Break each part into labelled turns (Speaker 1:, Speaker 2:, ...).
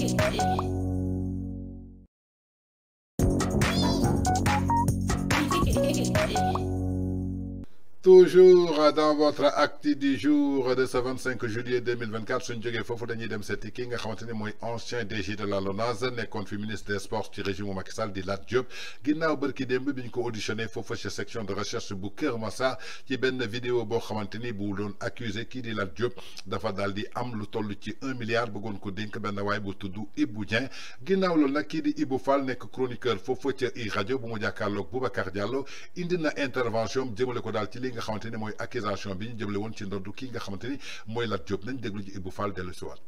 Speaker 1: Thank you.
Speaker 2: toujours dans votre acte du jour de ce 25 juillet 2024 suñ Djogé foofu dañuy dem seeti ki nga xamante ni ancien DG de la LONASE nekkoon ministre des sports du régime Macky Sall de Lat Diop ginnaaw bërki démb bi ko auditionné fofu chez section de recherche bu Kër Massar ci benn vidéo bo xamanteni bu doon accusé ki di Lat Diop dafa daldi am lu toll ci 1 milliard bëggon ko dénk benn way bu tuddu Ibou Dieng ginnaaw lool nak ki di Ibou Fall nek chroniqueur fofu ci i radio bu mu jàkkaarloog Boubacar Diallo indi na intervention jëmale ko dal ci nga xamanteni moy accusation bi ñu jëmle woon ci ndoddu ki nga xamanteni moy mooy Lat Diop nañ déglu ci Ibou Fall dellu si waat.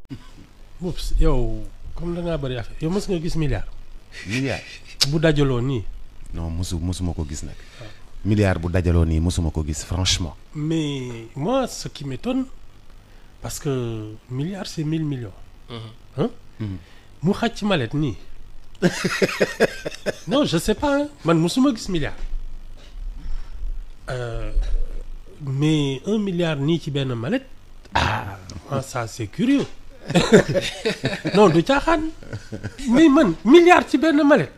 Speaker 1: Moubs yow comme da nga bari affaire yow mës nga gis milliard. milliard bu dajalo ni
Speaker 3: non mosu mosuma ko gis nak milliard bu dajalo ni mosuma ko gis franchement.
Speaker 1: mais moi ce qui m'étonne parce que milliard c'est 1000 millions. Mhm. hein mhm. mu xaj ci malet ni non je sais pas hein. man mosuma gis milliard. Euh, mais un milliard ni ci ben ah ça c'est curieux non du caaxaan mais man milliard ci ben mallette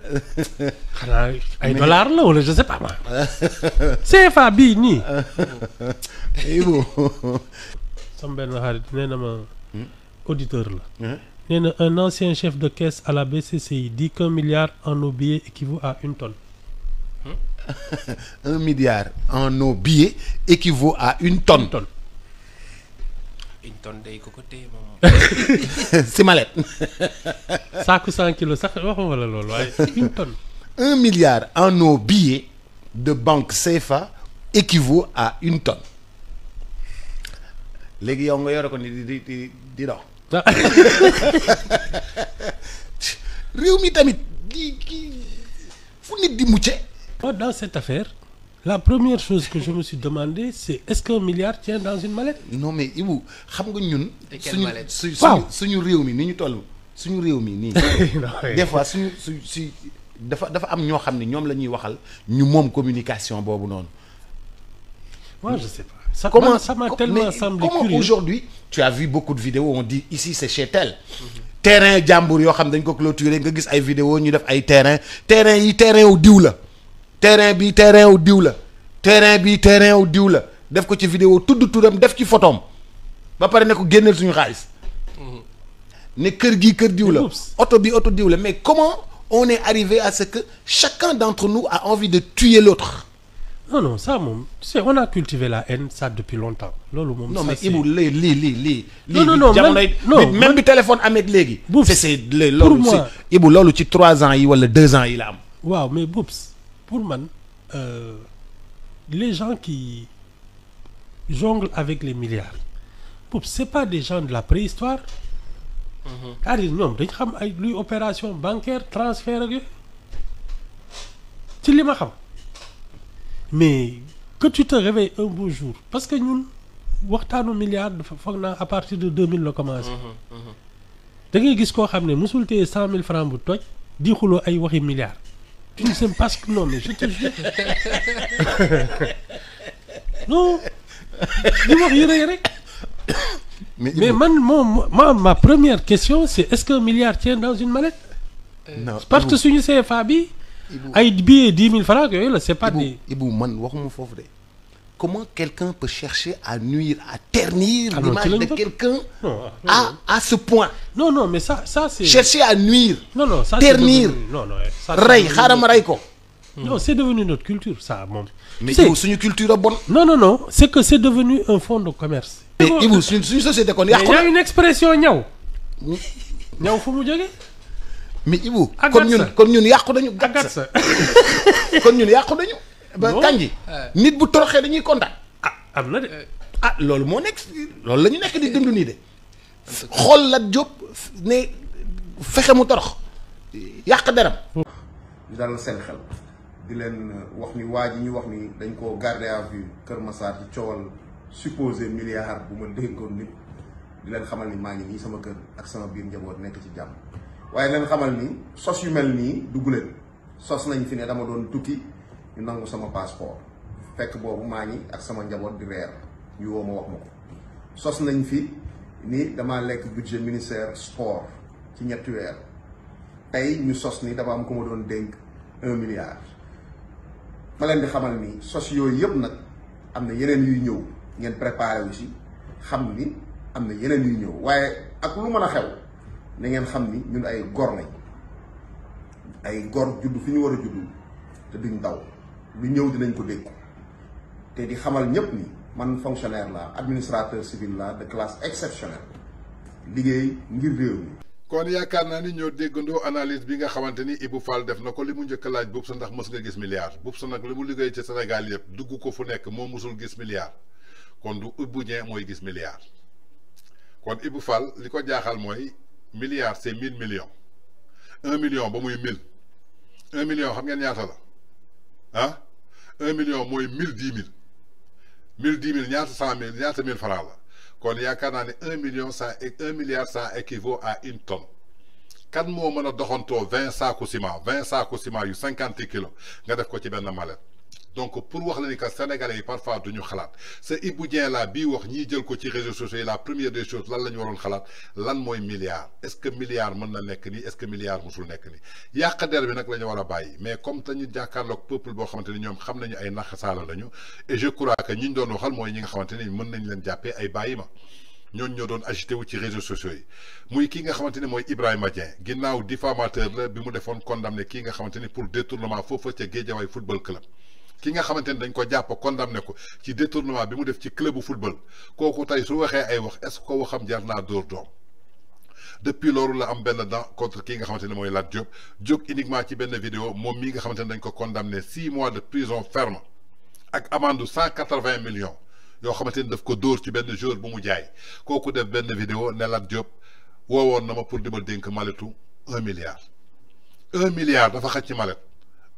Speaker 1: un dollars là, ou je sais pas moi C'est Fabi ni. Et eh vous? Oh. Sommes xarit hmm? auditeur là. Eh? un ancien chef de caisse à la BCCI dit qu'un milliard en nos équivaut à une tonne.
Speaker 3: un milliard en
Speaker 1: nos billets équivaut à une tonne. Une tonne. une tonne ma ko ko téye moom. 100 kilos sax
Speaker 3: une tonne. un milliard en nos billets de banque CFA équivaut à une tonne. Les guillemets nga yore ko ni di di di
Speaker 1: di dox. Ah. tamit di fu nit di Oh, dans cette affaire, la première chose que je me suis demandé, c'est est-ce qu'un milliard tient dans une mallette Non, mais Ibu, xam nga ñun suñu suñu
Speaker 3: suñu nous, mi ni ñu toll suñu réew mi des fois suñu su si dafa dafa am ñoo xam ne ñoom waxal ñu communication boobu noonu.
Speaker 1: moi je sais pas. Ça, comment ça m'a tellement semblé semblé comment Aujourd'hui,
Speaker 3: tu as vu beaucoup de vidéos où on dit ici c'est chez tel. Mm -hmm. Terrain jambour yoo xam dañ ko clôturer nga gis ay vidéos ñu def ay terrain terrain yi terrain wu diw la terrain bi terrain wu diw terrain bi terrain wu diw la def ko ci vidéo tudd turam def ci photoom ba pare ne ko génneel suñu xaalis ne kër gi kër diw la oto bi auto diw mais comment on est arrivé à ce que chacun d'entre nous a envie de tuer l'autre non non ça tu
Speaker 1: c'est on a cultivé la haine ça depuis longtemps non mais Ibou li li li li non non non non même bi téléphone amee léegi. buuf c'est c'est loolu
Speaker 3: Ibou loolu ci 3 ans yi wala 2 ans yi la am.
Speaker 1: waaw mais buuf pour euh, les gens qui jonglent avec les milliards ce n'est pas des gens de la préhistoire Car ils dire pas opération bancaire transfert mais que tu te réveilles un beau jour parce que nous, on milliard dafa à partir de 2000 la commencé Tu mhm, mhm. ngay gis koo 100 000 francs pour toi, di xuloo ay milliards tu ne sais pas ce que. Non, mais je te jure. non. Mais, mais Mais ma première question, c'est est-ce qu'un milliard tient dans une mallette
Speaker 3: euh, non, Parce que si
Speaker 1: vous c'est Fabi, il y a 10 000 francs, c'est pas des. Il y
Speaker 3: comment quelqu'un peut chercher à nuire, à ternir ah l'image de quelqu'un
Speaker 1: à, à, ce point Non, non, mais ça, ça c'est. Chercher à nuire, non, non, ça, ternir, non, non, ça, Ray, haram hmm. Non, c'est devenu notre culture, ça. Mon... Mais c'est une culture bonne. Non, non, non, c'est que c'est devenu un fond de commerce. Mais il vous, une, société qu'on Il y a une expression, niaou. Niaou, faut Mais il vous, comme nous,
Speaker 3: comme nous, nous, nous, ba kanji eh. nit bu toroxee dañuy kontaan. ah am na de. ah loolu moo nekk si loolu la nekk di dund nii de.
Speaker 4: xool Lat Diop ne fexe mu torox yàq deram. ñu dalal seen xel di leen wax ni waa ji ñu wax ni dañ koo garder à vue Kër Massar ci coowal supposé milliard bu ma déggoon nit di leen xamal ni maa ngi nii sama kër ak sama biir njaboot nekk ci jàmm waaye leen xamal ni sos yu mel nii dugg leen sos nañ fi ne dama doon tukki. ñu nangu sama passeport fekk money, maa ngi ak sama njaboot di reer ñu woo ma wax ma sos nañ fi ni damaa lekk budget ministère sport ci ñetti weer tey ñu sos ni dafa am ku ma doon dénk un milliard ma di xamal ni sos yooyu yëpp nag am na yeneen yu ñëw ngeen préparé wu si xam ni am na yeneen yu ñëw waaye ak lu mën a xew na ngeen xam ni ñun ay gor lañ ay gor judd fi ñu war te duñ daw lu ñëw dinañ ko dégg te di xamal ñépp ni man fonctionnaire la administrateur civil la de classe exceptionnelle liggéey ngir réew mi
Speaker 2: kon yaakaar naa ni ñoo déggandoo analise bi nga xamante ni Ibou Fall def na ko li mu njëkk laaj buub sa ndax mës nga gis milliard buub sa nag li mu liggéey ci Sénégal yëpp dugg ko fu nekk moo mësul gis milliard kon du Ibou Dieng mooy gis milliard kon Ibou Fall li ko jaaxal mooy milliard c'est mille millions un million ba muy mille xam ngeen ñaata la ah un million mooy mille dix mille mille dix mille ñaata cent mill ñaata mill francs la kon yaakaar naa ne un million cent et un milliard cent à une tonne kan moo mën a doxantoo vingt saako ciment vingt saako ciment yu cinquante kilos nga def ko ci benn mallette donc pour wax la ni que sénégalais yi parfois duñu xalaat sa Ibou Dieng la bi wax ñi jël ko ci réseaux sociaux la première des choses lan la ñu waroon xalaat lan mooy milliard est ce que milliard mën na nekk nii est ce que milliard musul nekk nii yàq der bi nag la ñu war a bàyyi mais comme dañu jàkkaarloog peuple boo xamante ni ñoom xam nañu ay naxasaala lañu et je crois que ñi ñu doon waxal mooy ñi nga xamante ni mën nañ leen jàppee ay bàyyi ma ñooñu ñoo doon agité wu ci réseaux sociaux yi muy ki nga xamanteni moy Ibrahima dien ginnaw diffamateur la bi mu defoon condamné ki nga xamanteni pour détournement fofu ca Guédiawaye football club ki nga xamante dañ ko japp condamné ko ci détournement bi mu def ci club football koku tay su waxé ay wax est-ce ko waxam jarna dor dom depuis loolu la am ben dent contre ki nga xamante moy Lat job jóg uniquement ci ben vidéo mom mi nga xamante dañ ko condamné 6 mois de prison ferme ak amende cent quatre millions yo xamante daf ko dor ci ben jour bu mu jaay koku def ben vidéo ne Lat Diop woowoon na ma pour di denk maletu 1 milliard 1 milliard dafa xat ci malet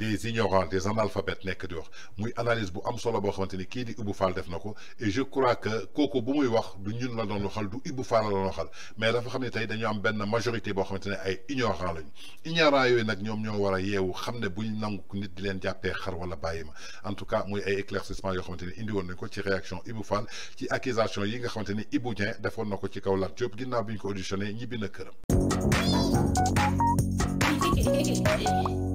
Speaker 2: des ignorants des analphabètes nekk di wax muy analyse bu am solo bo xamanteni ki di Ibou Fall def nako et je crois que koko bu muy wax du ñun la doon xal du Ibou Fall la doon xal mais dafa xamni tay dañu am benn majorité bo xamanteni ay ignorants lañu ignorants yooyu nak ñom ñoo wara yewu xamne xam ne buñ nangu nit di len jappé xar wala bayima en tout cas muy ay éclaircissement yo xamanteni indi won nako ci réaction Ibou Fall ci accusation yi nga xamanteni Ibou Dieng defon nako ci kaw Lat Diop ginnaaw bi ko auditionné ñibbi na këram.